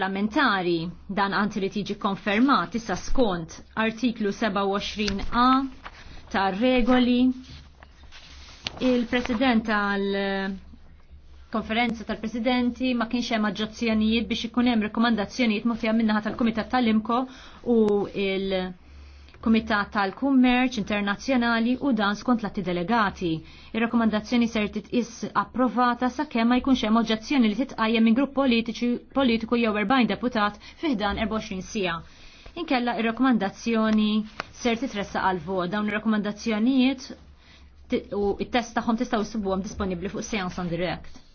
parlamentari dan għanti li tiġi konfermat issa skont artiklu 27a tar regoli il-president tal eh, konferenza tal-presidenti ma kienx hemm aġġazzjonijiet biex ikun hemm rekomandazzjonijiet mutija minnaħa tal-Kumitat tal-Imko u il- Kumitat tal-Kummerċ Internazzjonali u dan skont latti delegati. Ir-rakkomandazzjoni ser titqis approvata sakemm ma jkunx hemm oġġezzjoni li titqajjem minn grupp politiku jew erbajn deputat fiħdan 24 sija. Inkella ir-rakkomandazzjoni ser titressa għal vot dawn ir-rakkomandazzjonijiet u it-test tagħhom tistgħu issibuhom disponibbli fuq Seance on Direct.